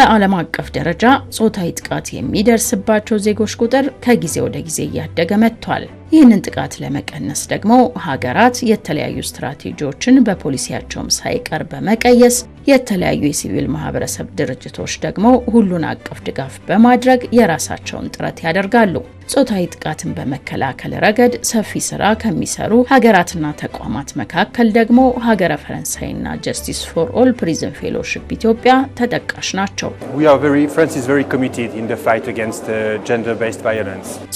በዓለም አቀፍ ደረጃ ጾታዊ ጥቃት የሚደርስባቸው ዜጎች ቁጥር ከጊዜ ወደ ጊዜ እያደገ መጥቷል። ይህንን ጥቃት ለመቀነስ ደግሞ ሀገራት የተለያዩ ስትራቴጂዎችን በፖሊሲያቸውም ሳይቀር በመቀየስ የተለያዩ የሲቪል ማህበረሰብ ድርጅቶች ደግሞ ሁሉን አቀፍ ድጋፍ በማድረግ የራሳቸውን ጥረት ያደርጋሉ። ጾታዊ ጥቃትን በመከላከል ረገድ ሰፊ ስራ ከሚሰሩ ሀገራትና ተቋማት መካከል ደግሞ ሀገረ ፈረንሳይና ጀስቲስ ፎር ኦል ፕሪዝን ፌሎሽፕ ኢትዮጵያ ተጠቃሽ ናቸው። uh,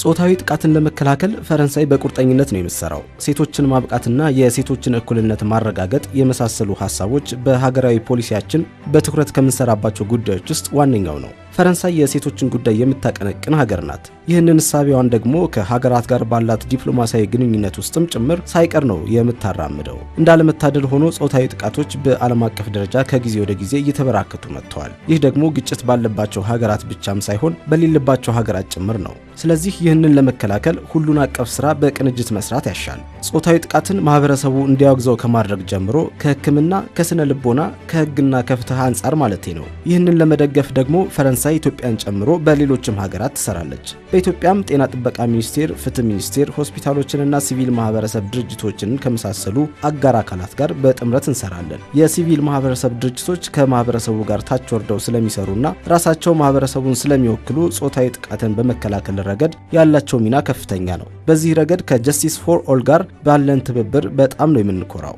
ጾታዊ ጥቃትን ለመከላከል ፈረንሳይ በቁርጠኝነት ነው የምትሰራው። ሴቶችን ማብቃትና የሴቶችን እኩልነት ማረጋገጥ የመሳሰሉ ሀሳቦች በሀገራዊ ፖሊሲያችን በትኩረት ከምንሰራባቸው ጉዳዮች ውስጥ ዋነኛው ነው። ፈረንሳይ የሴቶችን ጉዳይ የምታቀነቅን ሀገር ናት። ይህንን እሳቢዋን ደግሞ ከሀገራት ጋር ባላት ዲፕሎማሲያዊ ግንኙነት ውስጥም ጭምር ሳይቀር ነው የምታራምደው። እንዳለመታደል ሆኖ ጾታዊ ጥቃቶች በዓለም አቀፍ ደረጃ ከጊዜ ወደ ጊዜ እየተበራከቱ መጥተዋል። ይህ ደግሞ ግጭት ባለባቸው ሀገራት ብቻም ሳይሆን በሌለባቸው ሀገራት ጭምር ነው። ስለዚህ ይህንን ለመከላከል ሁሉን አቀፍ ስራ በቅንጅት መስራት ያሻል። ጾታዊ ጥቃትን ማህበረሰቡ እንዲያወግዘው ከማድረግ ጀምሮ ከሕክምና፣ ከስነ ልቦና፣ ከህግና ከፍትህ አንጻር ማለቴ ነው። ይህንን ለመደገፍ ደግሞ ፈረንሳይ ኢትዮጵያን ጨምሮ በሌሎችም ሀገራት ትሰራለች። በኢትዮጵያም ጤና ጥበቃ ሚኒስቴር፣ ፍትህ ሚኒስቴር፣ ሆስፒታሎችንና ሲቪል ማህበረሰብ ድርጅቶችን ከመሳሰሉ አጋር አካላት ጋር በጥምረት እንሰራለን። የሲቪል ማህበረሰብ ድርጅቶች ከማህበረሰቡ ጋር ታች ወርደው ስለሚሰሩና ራሳቸው ማህበረሰቡን ስለሚወክሉ ጾታዊ ጥቃትን በመከላከል ረገድ ያላቸው ሚና ከፍተኛ ነው። በዚህ ረገድ ከጀስቲስ ፎር ኦል ጋር ባለን ትብብር በጣም ነው የምንኮራው።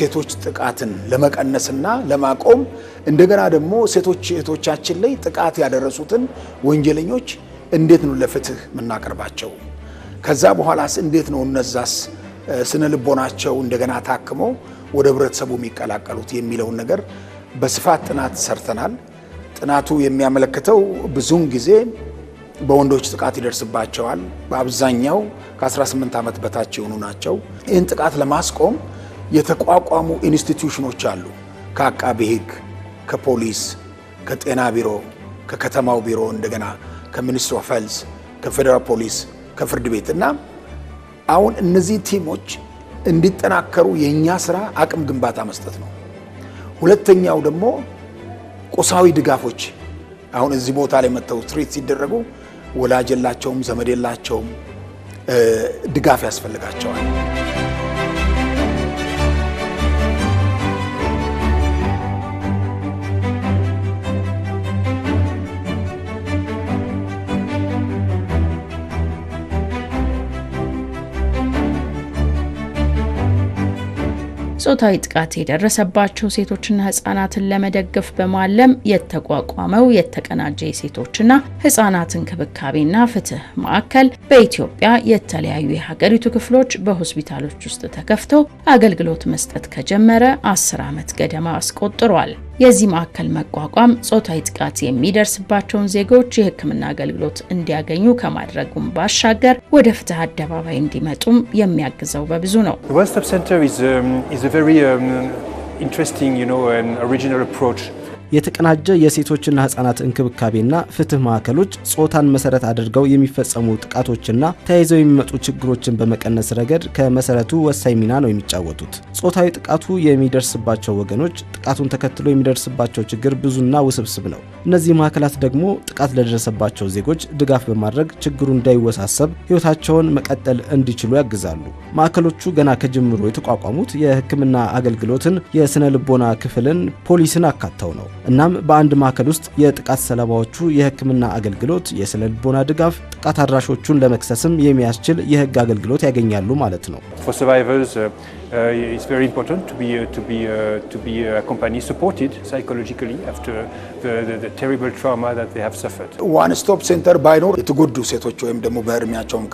የሴቶች ጥቃትን ለመቀነስና ለማቆም እንደገና ደግሞ ሴቶች እህቶቻችን ላይ ጥቃት ያደረሱትን ወንጀለኞች እንዴት ነው ለፍትህ የምናቀርባቸው? ከዛ በኋላስ እንዴት ነው እነዛስ ስነ ልቦናቸው እንደገና ታክመው ወደ ህብረተሰቡ የሚቀላቀሉት የሚለውን ነገር በስፋት ጥናት ሰርተናል። ጥናቱ የሚያመለክተው ብዙውን ጊዜ በወንዶች ጥቃት ይደርስባቸዋል። በአብዛኛው ከ18 ዓመት በታች የሆኑ ናቸው። ይህን ጥቃት ለማስቆም የተቋቋሙ ኢንስቲትዩሽኖች አሉ። ከአቃቢ ሕግ፣ ከፖሊስ፣ ከጤና ቢሮ፣ ከከተማው ቢሮ እንደገና ከሚኒስትር ኦፍ ሄልዝ፣ ከፌዴራል ፖሊስ፣ ከፍርድ ቤት እና አሁን እነዚህ ቲሞች እንዲጠናከሩ የእኛ ስራ አቅም ግንባታ መስጠት ነው። ሁለተኛው ደግሞ ቁሳዊ ድጋፎች አሁን እዚህ ቦታ ላይ መጥተው ትሪት ሲደረጉ ወላጅ የላቸውም፣ ዘመድ የላቸውም፣ ድጋፍ ያስፈልጋቸዋል። ጾታዊ ጥቃት የደረሰባቸው ሴቶችና ህጻናትን ለመደገፍ በማለም የተቋቋመው የተቀናጀ የሴቶችና ህጻናት እንክብካቤና ፍትህ ማዕከል በኢትዮጵያ የተለያዩ የሀገሪቱ ክፍሎች በሆስፒታሎች ውስጥ ተከፍተው አገልግሎት መስጠት ከጀመረ አስር ዓመት ገደማ አስቆጥሯል። የዚህ ማዕከል መቋቋም ጾታዊ ጥቃት የሚደርስባቸውን ዜጎች የሕክምና አገልግሎት እንዲያገኙ ከማድረጉም ባሻገር ወደ ፍትህ አደባባይ እንዲመጡም የሚያግዘው በብዙ ነው። ዋን ስቶፕ ኢንትረስቲንግ ኦሪጂናል አፕሮች የተቀናጀ የሴቶችና ህጻናት እንክብካቤና ፍትህ ማዕከሎች ጾታን መሰረት አድርገው የሚፈጸሙ ጥቃቶችና ተያይዘው የሚመጡ ችግሮችን በመቀነስ ረገድ ከመሰረቱ ወሳኝ ሚና ነው የሚጫወቱት። ጾታዊ ጥቃቱ የሚደርስባቸው ወገኖች ጥቃቱን ተከትሎ የሚደርስባቸው ችግር ብዙና ውስብስብ ነው። እነዚህ ማዕከላት ደግሞ ጥቃት ለደረሰባቸው ዜጎች ድጋፍ በማድረግ ችግሩ እንዳይወሳሰብ ህይወታቸውን መቀጠል እንዲችሉ ያግዛሉ። ማዕከሎቹ ገና ከጅምሮ የተቋቋሙት የህክምና አገልግሎትን፣ የስነ ልቦና ክፍልን፣ ፖሊስን አካተው ነው። እናም በአንድ ማዕከል ውስጥ የጥቃት ሰለባዎቹ የህክምና አገልግሎት፣ የስነ ልቦና ድጋፍ፣ ጥቃት አድራሾቹን ለመክሰስም የሚያስችል የህግ አገልግሎት ያገኛሉ ማለት ነው። ዋን ስቶፕ ሴንተር ባይኖር የተጎዱ ሴቶች ወይም ደግሞ በእድሜያቸውም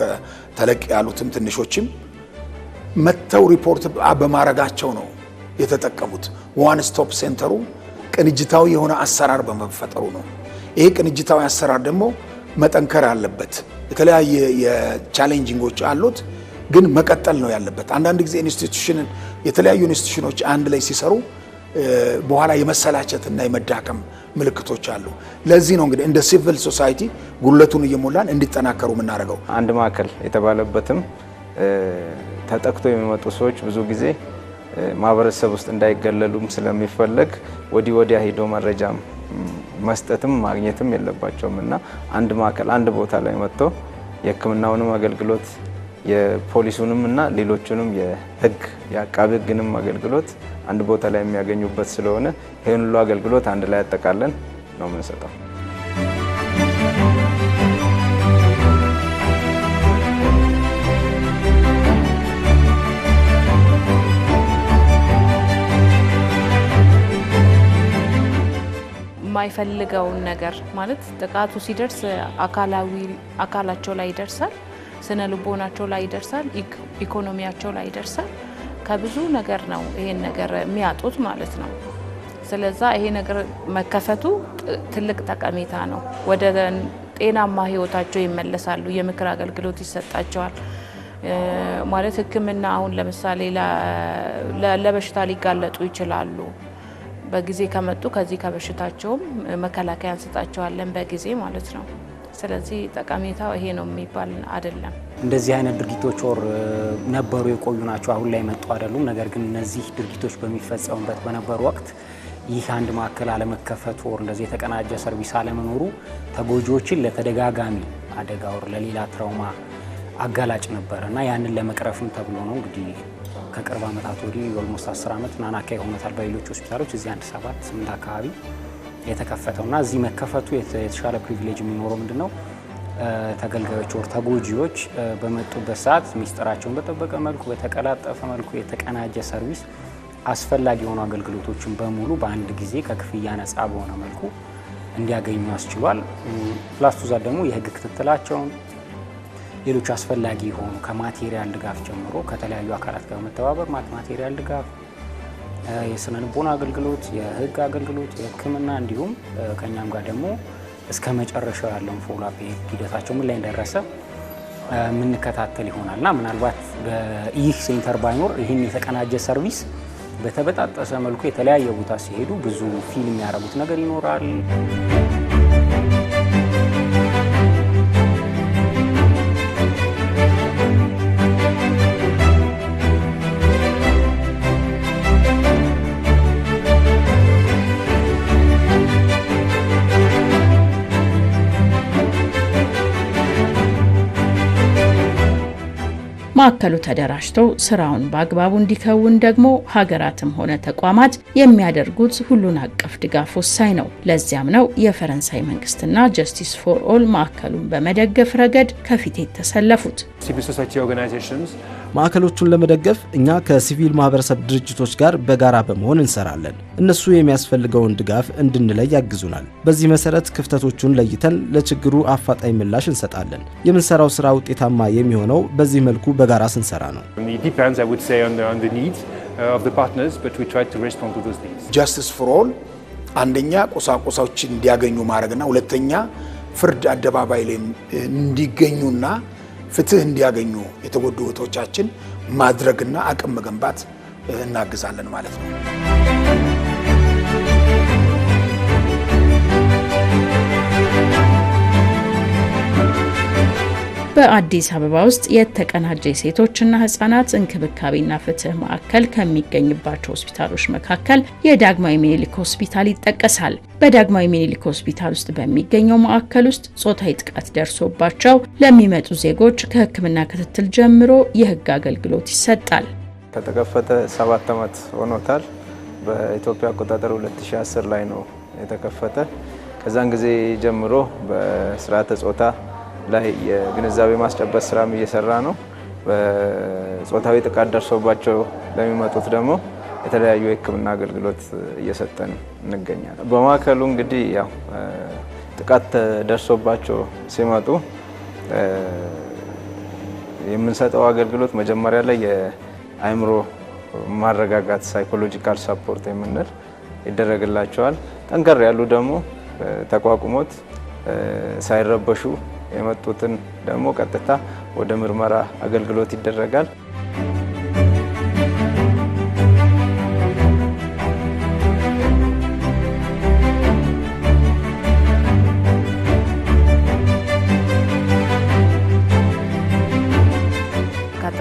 ተለቅ ያሉትም ትንሾችም መጥተው ሪፖርት በማድረጋቸው ነው የተጠቀሙት ዋን ስቶፕ ሴንተሩ ቅንጅታዊ የሆነ አሰራር በመፈጠሩ ነው። ይሄ ቅንጅታዊ አሰራር ደግሞ መጠንከር አለበት። የተለያየ የቻሌንጂንጎች አሉት፣ ግን መቀጠል ነው ያለበት። አንዳንድ ጊዜ ኢንስቲቱሽንን የተለያዩ ኢንስቲቱሽኖች አንድ ላይ ሲሰሩ በኋላ የመሰላቸት እና የመዳከም ምልክቶች አሉ። ለዚህ ነው እንግዲህ እንደ ሲቪል ሶሳይቲ ጉለቱን እየሞላን እንዲጠናከሩ የምናደርገው። አንድ ማዕከል የተባለበትም ተጠቅቶ የሚመጡ ሰዎች ብዙ ጊዜ ማህበረሰብ ውስጥ እንዳይገለሉም ስለሚፈለግ ወዲህ ወዲያ ሂዶ መረጃ መስጠትም ማግኘትም የለባቸውም እና አንድ ማዕከል አንድ ቦታ ላይ መጥቶ የሕክምናውንም አገልግሎት የፖሊሱንም እና ሌሎቹንም የህግ የአቃቢ ህግንም አገልግሎት አንድ ቦታ ላይ የሚያገኙበት ስለሆነ ይህን ሁሉ አገልግሎት አንድ ላይ ያጠቃለን ነው የምንሰጠው። የማይፈልገውን ነገር ማለት ጥቃቱ ሲደርስ አካላዊ አካላቸው ላይ ይደርሳል፣ ስነ ልቦናቸው ላይ ይደርሳል፣ ኢኮኖሚያቸው ላይ ይደርሳል። ከብዙ ነገር ነው ይሄን ነገር የሚያጡት ማለት ነው። ስለዛ ይሄ ነገር መከፈቱ ትልቅ ጠቀሜታ ነው። ወደ ጤናማ ህይወታቸው ይመለሳሉ። የምክር አገልግሎት ይሰጣቸዋል። ማለት ሕክምና አሁን ለምሳሌ ለበሽታ ሊጋለጡ ይችላሉ። በጊዜ ከመጡ ከዚህ ከበሽታቸውም መከላከያ እንሰጣቸዋለን በጊዜ ማለት ነው። ስለዚህ ጠቀሜታው ይሄ ነው የሚባል አይደለም። እንደዚህ አይነት ድርጊቶች ወር ነበሩ የቆዩ ናቸው፣ አሁን ላይ መጡ አይደሉም። ነገር ግን እነዚህ ድርጊቶች በሚፈጸሙበት በነበሩ ወቅት ይህ አንድ ማዕከል አለመከፈቱ ወር እንደዚህ የተቀናጀ ሰርቪስ አለመኖሩ ተጎጂዎችን ለተደጋጋሚ አደጋ ወር ለሌላ ትራውማ አጋላጭ ነበረ እና ያንን ለመቅረፍም ተብሎ ነው እንግዲህ ከቅርብ ዓመታት ወዲህ የኦልሞስት 10 ዓመት ናናካ አካባቢ ሆኖታል። በሌሎች ሆስፒታሎች እዚህ አንድ ሰባት ስምንት አካባቢ የተከፈተው እና እዚህ መከፈቱ የተሻለ ፕሪቪሌጅ የሚኖረው ምንድን ነው? ተገልጋዮች ወር ተጎጂዎች በመጡበት ሰዓት ሚስጥራቸውን በጠበቀ መልኩ በተቀላጠፈ መልኩ የተቀናጀ ሰርቪስ አስፈላጊ የሆኑ አገልግሎቶችን በሙሉ በአንድ ጊዜ ከክፍያ ነፃ በሆነ መልኩ እንዲያገኙ አስችሏል። ፕላስቱዛ ደግሞ የህግ ክትትላቸውን ሌሎች አስፈላጊ የሆኑ ከማቴሪያል ድጋፍ ጀምሮ ከተለያዩ አካላት ጋር መተባበር ማቴሪያል ድጋፍ፣ የስነ ልቦና አገልግሎት፣ የህግ አገልግሎት፣ የህክምና እንዲሁም ከእኛም ጋር ደግሞ እስከ መጨረሻው ያለውን ፎሎአፕ ሂደታቸው ምን ላይ እንደደረሰ የምንከታተል ይሆናል እና ምናልባት ይህ ሴንተር ባይኖር ይህን የተቀናጀ ሰርቪስ በተበጣጠሰ መልኩ የተለያየ ቦታ ሲሄዱ ብዙ ፊልም ያደረጉት ነገር ይኖራል። ማዕከሉ ተደራጅተው ስራውን በአግባቡ እንዲከውን ደግሞ ሀገራትም ሆነ ተቋማት የሚያደርጉት ሁሉን አቀፍ ድጋፍ ወሳኝ ነው። ለዚያም ነው የፈረንሳይ መንግስትና ጀስቲስ ፎር ኦል ማዕከሉን በመደገፍ ረገድ ከፊት የተሰለፉት። ማዕከሎቹን ለመደገፍ እኛ ከሲቪል ማህበረሰብ ድርጅቶች ጋር በጋራ በመሆን እንሰራለን። እነሱ የሚያስፈልገውን ድጋፍ እንድንለይ ያግዙናል። በዚህ መሰረት ክፍተቶቹን ለይተን ለችግሩ አፋጣኝ ምላሽ እንሰጣለን። የምንሰራው ስራ ውጤታማ የሚሆነው በዚህ መልኩ በ በጋራ ስንሰራ ነው። ጃስቲስ ፎር ኦል አንደኛ ቁሳቁሶች እንዲያገኙ ማድረግና ሁለተኛ ፍርድ አደባባይ ላይ እንዲገኙና ፍትህ እንዲያገኙ የተጎዱ እህቶቻችን ማድረግና አቅም መገንባት uh, እናግዛለን ማለት ነው። በአዲስ አበባ ውስጥ የተቀናጀ የሴቶችና ህጻናት እንክብካቤና ፍትህ ማዕከል ከሚገኝባቸው ሆስፒታሎች መካከል የዳግማዊ ምኒልክ ሆስፒታል ይጠቀሳል። በዳግማዊ ምኒልክ ሆስፒታል ውስጥ በሚገኘው ማዕከል ውስጥ ጾታዊ ጥቃት ደርሶባቸው ለሚመጡ ዜጎች ከህክምና ክትትል ጀምሮ የህግ አገልግሎት ይሰጣል። ከተከፈተ ሰባት ዓመት ሆኖታል። በኢትዮጵያ አቆጣጠር 2010 ላይ ነው የተከፈተ። ከዛን ጊዜ ጀምሮ በስርዓተ ጾታ ላይ የግንዛቤ ማስጨበጥ ስራም እየሰራ ነው። በጾታዊ ጥቃት ደርሶባቸው ለሚመጡት ደግሞ የተለያዩ የሕክምና አገልግሎት እየሰጠን እንገኛለን። በማዕከሉ እንግዲህ ያው ጥቃት ደርሶባቸው ሲመጡ የምንሰጠው አገልግሎት መጀመሪያ ላይ የአእምሮ ማረጋጋት ሳይኮሎጂካል ሰፖርት የምንል ይደረግላቸዋል። ጠንከር ያሉ ደግሞ ተቋቁሞት ሳይረበሹ የመጡትን ደግሞ ቀጥታ ወደ ምርመራ አገልግሎት ይደረጋል።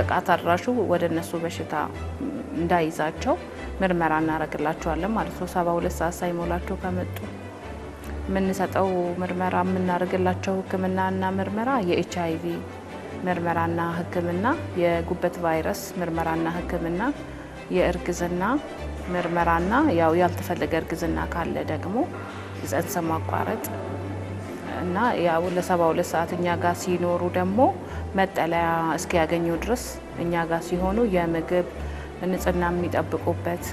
ጥቃት አድራሹ ወደ እነሱ በሽታ እንዳይዛቸው ምርመራ እናደርግላቸዋለን ማለት ነው። ሰባ ሁለት ሰዓት ሳይሞላቸው ከመጡ የምንሰጠው ምርመራ የምናደርግላቸው እና ምርመራ የኤች አይ ቪ ምርመራና ህክምና የጉበት ቫይረስ ምርመራና ህክምና የእርግዝና ምርመራና ያው ያልተፈለገ እርግዝና ካለ ደግሞ ጽንስ ማቋረጥ እና ያው ለሰባ ሁለት ሰዓት እኛ ጋር ሲኖሩ ደግሞ መጠለያ እስኪያገኙ ድረስ እኛ ጋር ሲሆኑ የምግብ ንጽህና የሚጠብቁበት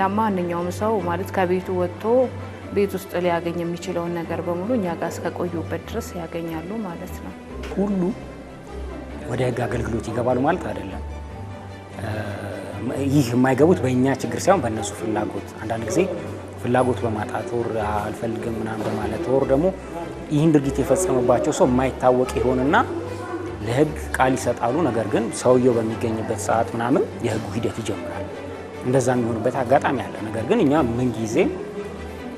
ለማንኛውም ሰው ማለት ከቤቱ ወጥቶ ቤት ውስጥ ሊያገኝ የሚችለውን ነገር በሙሉ እኛ ጋር እስከቆዩበት ድረስ ያገኛሉ ማለት ነው። ሁሉ ወደ ህግ አገልግሎት ይገባሉ ማለት አይደለም። ይህ የማይገቡት በእኛ ችግር ሳይሆን በእነሱ ፍላጎት፣ አንዳንድ ጊዜ ፍላጎት በማጣት ወር አልፈልግም ምናምን በማለት ወር ደግሞ ይህን ድርጊት የፈጸመባቸው ሰው የማይታወቅ ይሆንና ለህግ ቃል ይሰጣሉ። ነገር ግን ሰውየው በሚገኝበት ሰዓት ምናምን የህጉ ሂደት ይጀምራል። እንደዛ የሚሆንበት አጋጣሚ አለ። ነገር ግን እኛ ምንጊዜ?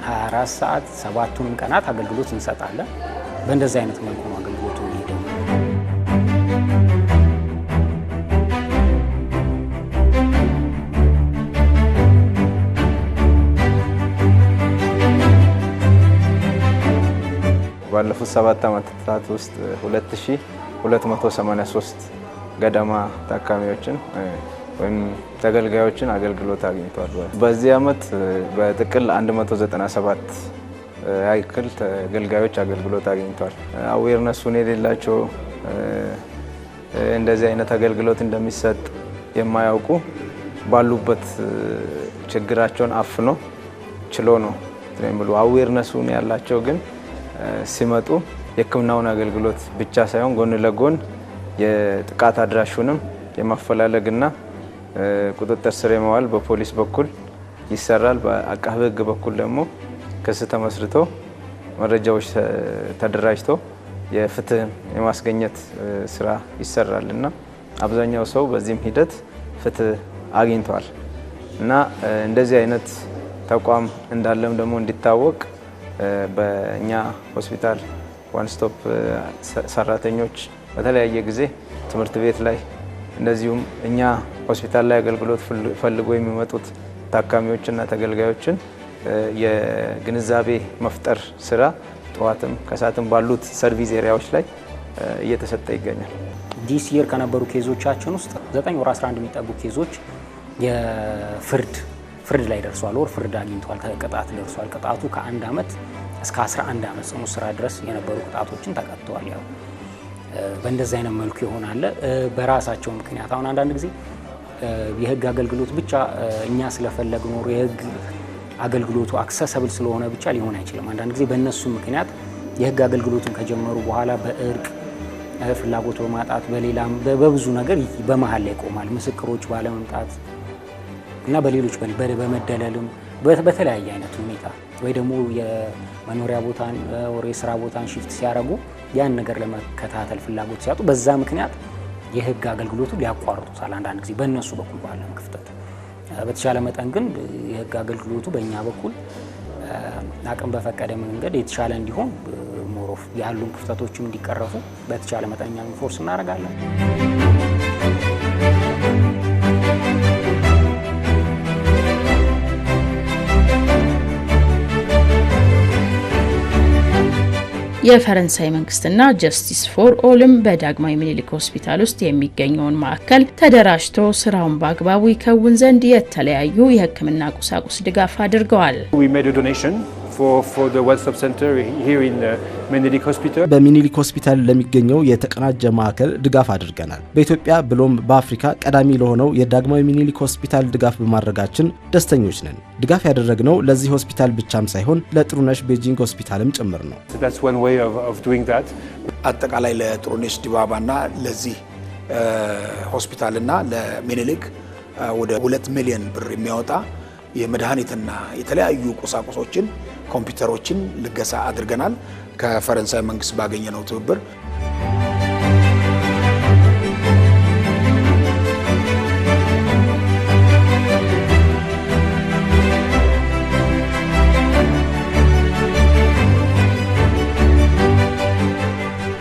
24 ሰዓት ሰባቱንም ቀናት አገልግሎት እንሰጣለን። በእንደዚህ አይነት መልኩ ነው አገልግሎቱ የሚሄደው። ባለፉት ሰባት ዓመታት ውስጥ 2283 ገደማ ታካሚዎችን ወይም ተገልጋዮችን አገልግሎት አግኝቷል። በዚህ ዓመት በጥቅል 197 ያክል ተገልጋዮች አገልግሎት አግኝቷል። አዌርነሱን የሌላቸው እንደዚህ አይነት አገልግሎት እንደሚሰጥ የማያውቁ ባሉበት ችግራቸውን አፍኖ ችሎ ነው ብሎ አዌርነሱን ያላቸው ግን ሲመጡ የሕክምናውን አገልግሎት ብቻ ሳይሆን ጎን ለጎን የጥቃት አድራሹንም የማፈላለግና ቁጥጥር ስር የመዋል በፖሊስ በኩል ይሰራል። በአቃቤ ሕግ በኩል ደግሞ ክስ ተመስርቶ መረጃዎች ተደራጅቶ የፍትህ የማስገኘት ስራ ይሰራል እና አብዛኛው ሰው በዚህም ሂደት ፍትህ አግኝቷል እና እንደዚህ አይነት ተቋም እንዳለም ደግሞ እንዲታወቅ በእኛ ሆስፒታል ዋንስቶፕ ሰራተኞች በተለያየ ጊዜ ትምህርት ቤት ላይ እንደዚሁም እኛ ሆስፒታል ላይ አገልግሎት ፈልጎ የሚመጡት ታካሚዎችና ተገልጋዮችን የግንዛቤ መፍጠር ስራ ጠዋትም ከሰዓትም ባሉት ሰርቪስ ኤሪያዎች ላይ እየተሰጠ ይገኛል። ዲስ የር ከነበሩ ኬዞቻችን ውስጥ 9 ወር 11 የሚጠጉ ኬዞች የፍርድ ፍርድ ላይ ደርሷል፣ ወር ፍርድ አግኝተዋል። ቅጣት ደርሷል። ቅጣቱ ከአንድ ዓመት እስከ 11 ዓመት ጽኑ እስራት ድረስ የነበሩ ቅጣቶችን ተቀጥተዋል ያው በእንደዚህ አይነት መልኩ ይሆናል። በራሳቸው ምክንያት አሁን አንዳንድ ጊዜ የህግ አገልግሎት ብቻ እኛ ስለፈለግ ኖሮ የህግ አገልግሎቱ አክሰሰብል ስለሆነ ብቻ ሊሆን አይችልም። አንዳንድ ጊዜ በእነሱ ምክንያት የህግ አገልግሎቱን ከጀመሩ በኋላ በእርቅ ፍላጎት በማጣት በሌላም በብዙ ነገር በመሀል ላይ ይቆማል። ምስክሮች ባለመምጣት እና በሌሎች በመደለልም በተለያየ አይነት ሁኔታ ወይ ደግሞ የመኖሪያ ቦታን የስራ ቦታን ሽፍት ሲያደርጉ ያን ነገር ለመከታተል ፍላጎት ሲያጡ በዛ ምክንያት የህግ አገልግሎቱ ሊያቋርጡታል። አንዳንድ ጊዜ በእነሱ በኩል ባለም ክፍተት በተሻለ መጠን ግን የህግ አገልግሎቱ በእኛ በኩል አቅም በፈቀደ መንገድ የተሻለ እንዲሆን ሞሮፍ ያሉን ክፍተቶችም እንዲቀረፉ በተቻለ መጠን እኛ ኢንፎርስ እናደርጋለን። የፈረንሳይ መንግስትና ጀስቲስ ፎር ኦልም በዳግማዊ ምኒልክ ሆስፒታል ውስጥ የሚገኘውን ማዕከል ተደራጅቶ ስራውን በአግባቡ ይከውን ዘንድ የተለያዩ የህክምና ቁሳቁስ ድጋፍ አድርገዋል። Uh, በሚኒሊክ ሆስፒታል ለሚገኘው የተቀናጀ ማዕከል ድጋፍ አድርገናል። በኢትዮጵያ ብሎም በአፍሪካ ቀዳሚ ለሆነው የዳግማዊ ሚኒሊክ ሆስፒታል ድጋፍ በማድረጋችን ደስተኞች ነን። ድጋፍ ያደረግነው ለዚህ ሆስፒታል ብቻም ሳይሆን ለጥሩነሽ ቤጂንግ ሆስፒታልም ጭምር ነው። አጠቃላይ ለጥሩነሽ ዲባባና ለዚህ ሆስፒታልና ለሚኒሊክ ወደ ሁለት ሚሊዮን ብር የሚያወጣ የመድኃኒትና የተለያዩ ቁሳቁሶችን፣ ኮምፒውተሮችን ልገሳ አድርገናል። ከፈረንሳይ መንግስት ባገኘነው ትብብር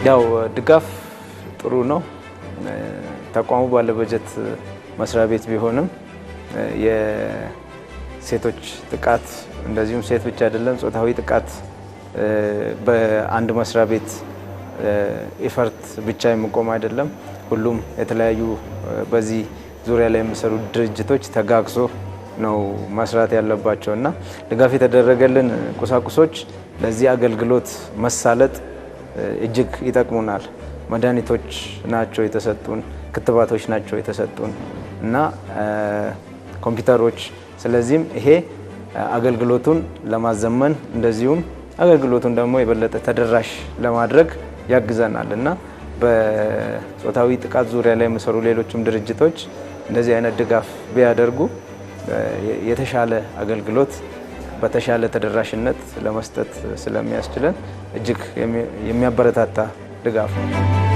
ያው ድጋፍ ጥሩ ነው። ተቋሙ ባለ በጀት መስሪያ ቤት ቢሆንም ሴቶች ጥቃት እንደዚሁም ሴት ብቻ አይደለም ጾታዊ ጥቃት በአንድ መስሪያ ቤት ኢፈርት ብቻ የሚቆም አይደለም። ሁሉም የተለያዩ በዚህ ዙሪያ ላይ የሚሰሩ ድርጅቶች ተጋግዞ ነው መስራት ያለባቸው እና ድጋፍ የተደረገልን ቁሳቁሶች ለዚህ አገልግሎት መሳለጥ እጅግ ይጠቅሙናል። መድኃኒቶች ናቸው የተሰጡን፣ ክትባቶች ናቸው የተሰጡን እና ኮምፒውተሮች ስለዚህም ይሄ አገልግሎቱን ለማዘመን እንደዚሁም አገልግሎቱን ደግሞ የበለጠ ተደራሽ ለማድረግ ያግዘናል እና በጾታዊ ጥቃት ዙሪያ ላይ የሚሰሩ ሌሎችም ድርጅቶች እንደዚህ አይነት ድጋፍ ቢያደርጉ የተሻለ አገልግሎት በተሻለ ተደራሽነት ለመስጠት ስለሚያስችለን እጅግ የሚያበረታታ ድጋፍ ነው።